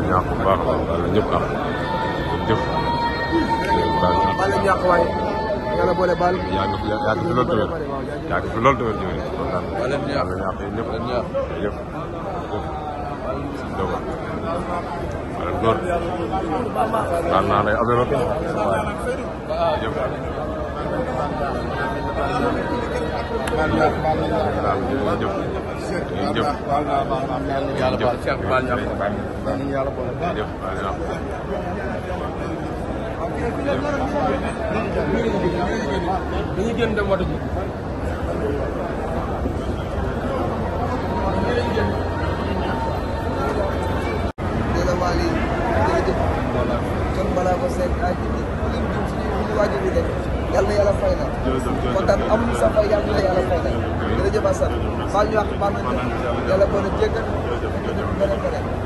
baal ñaax bu baax a baax ñëpp am jëf. baal ñaax waay yàlla boole baal. yaa ngi yaa ngi fi loolu tamit yaa ngi fi loolu tamit jërëjëf. baal ñaax baal ñaax ñëpp jërëjëf. wala góor baal naa lay amee rëb waaye jërëjëf. baal ñaax baal ñaax jërëjëf. jërëjëf baal naa baal naa baal naa yàlla baal Cheikh baal naa ko baal naa yàlla baal naa ko dañuy génn dem watu ji kon balaa ko seet ak lim suñu waajur yi def yal na yàlla fay la kontaan amul sa fay yal na yàlla fay la jërëjëf Assane baal ñu wax baal nañ yàlla boo na jéggal beneen beneen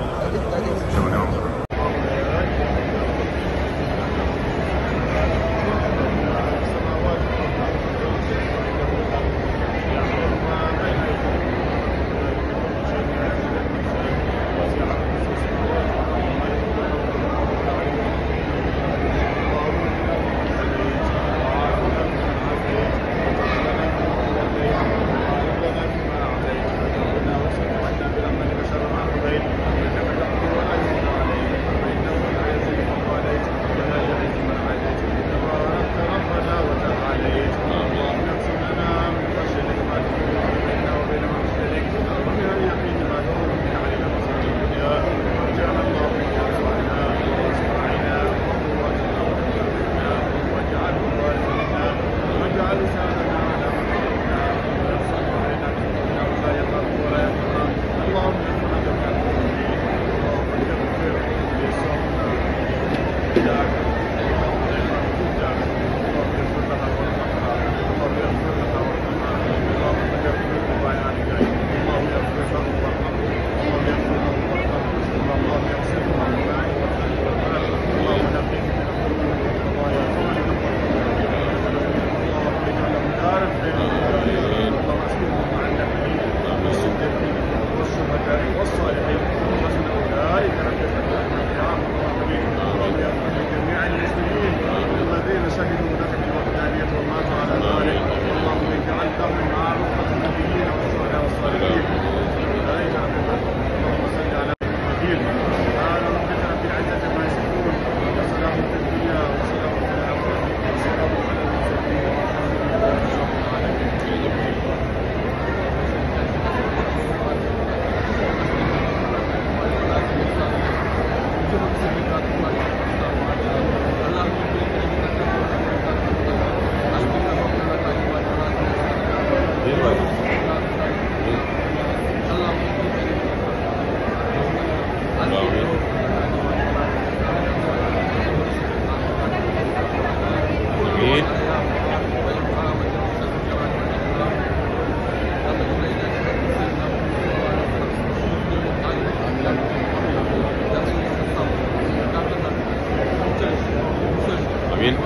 الأمين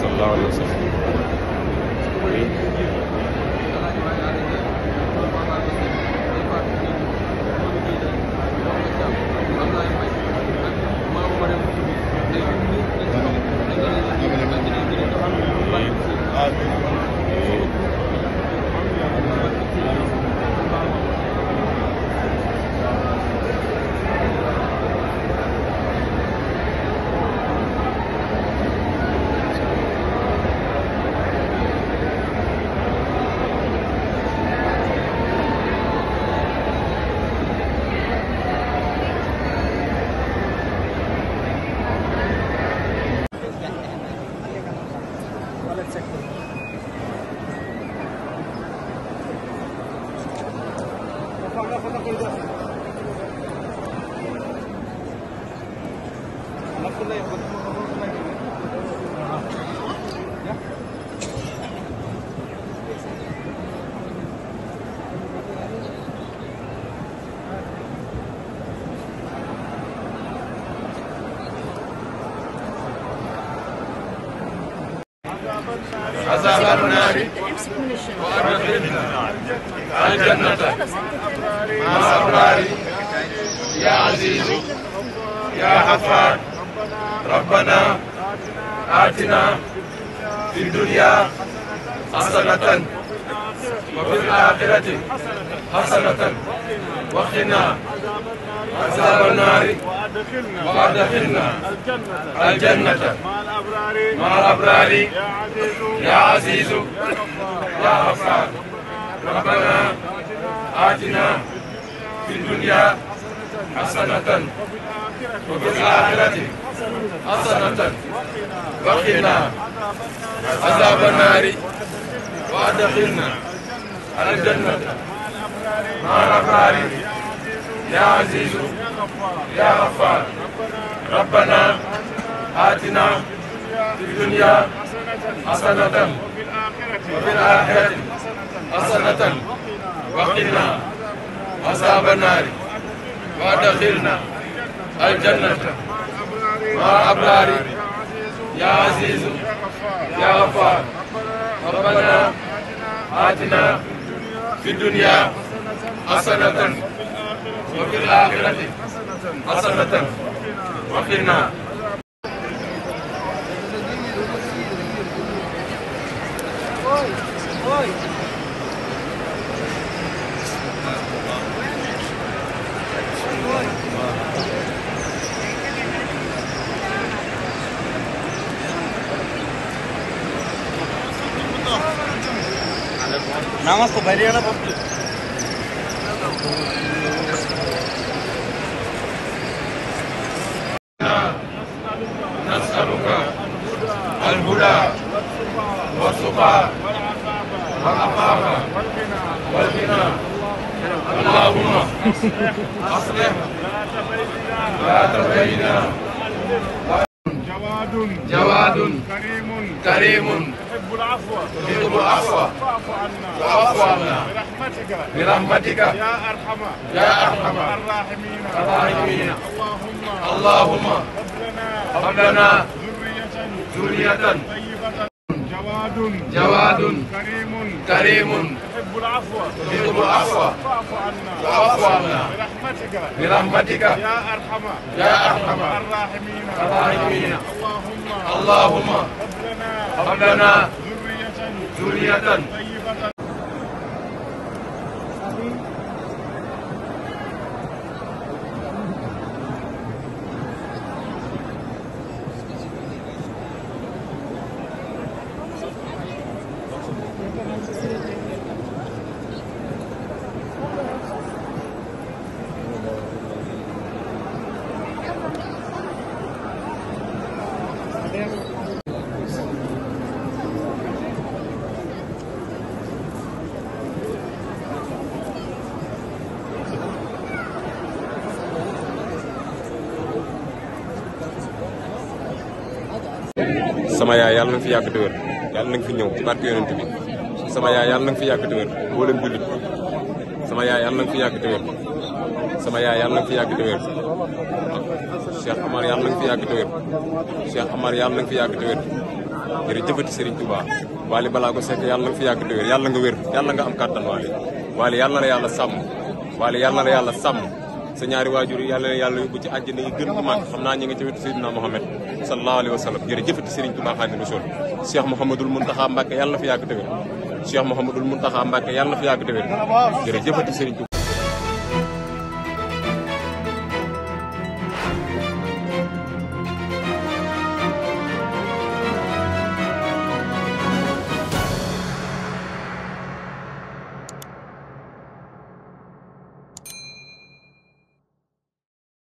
صلى الله عليه وسلم آمين آمين عذاب النار وأدخلنا الجنة الأبرار يا عزيز يا غفار ربنا آتنا في الدنيا حسنة وفي الآخرة حسنة وقنا عذاب النار وأدخلنا الجنة مع الأبرار يا عزيز يا غفار ربنا آتنا في الدنيا حسنة وفي الآخرة حسنة وقنا عذاب النار وأدخلنا على الجنة مع الأبرار يا عزيز يا غفار ربنا آتنا في الدنيا حسنة وفي الآخرة حسنة وقنا أصحاب النار وأدخلنا الجنة مع الأبرار يا عزيز يا غفار ربنا آتنا في الدنيا حسنة وفي الآخرة حسنة وقنا నమస్తే బర్యానా పంపు الهدى والسقى والعفاف والغنى اللهم اصلح ذات بيننا جواد جواد كريم كريم العفو تحب العفو فاعف عنا فاعف عنا برحمتك برحمتك يا ارحم يا ارحم الراحمين الراحمين اللهم اللهم هب لنا ذرية طيبة جواد جواد كريم كريم تحب العفو تحب العفو فاعف عنا فاعف عنا برحمتك برحمتك يا ارحم يا ارحم الراحمين الراحمين اللهم اللهم هب لنا هب لنا ذرية sama yaay yàlla na fi yàgg te wér yàlla nga fi ñëw ci barke yonent bi sama yaay yàlla na nga fi yàgg te wér mboolem jullit sama yaay yàlla na nga fi yàgg wér sama yaay yàlla na nga fi yàgg te wér Cheikh Amar yàlla na nga fi yàgg te wér Cheikh Amar yàlla na nga fi yàgg te wér jërëjëfati Serigne Touba Waly Balago Seck yàlla na nga fi yàgg te wér yàlla nga wér yàlla nga am kàttan Waly Waly yàlla na la yàlla sàmm Waly na la yàlla sa ñaari waajur yàlla na yàlla yóbbu ci àjjana yi gën bu mag xam naa ñi nga ci wetu Seydina Mohamed sallallahu alayhi wa sallam jërëjëfati Serigne Touba Khadim Rasoul Cheikh Mouhamadoul Mountakha Mbacké yàlla na fi yàgg te wér Cheikh Mouhamadoul Mountakha Mbacké yàlla fi yàgg te wér jërëjëfati Serigne Touba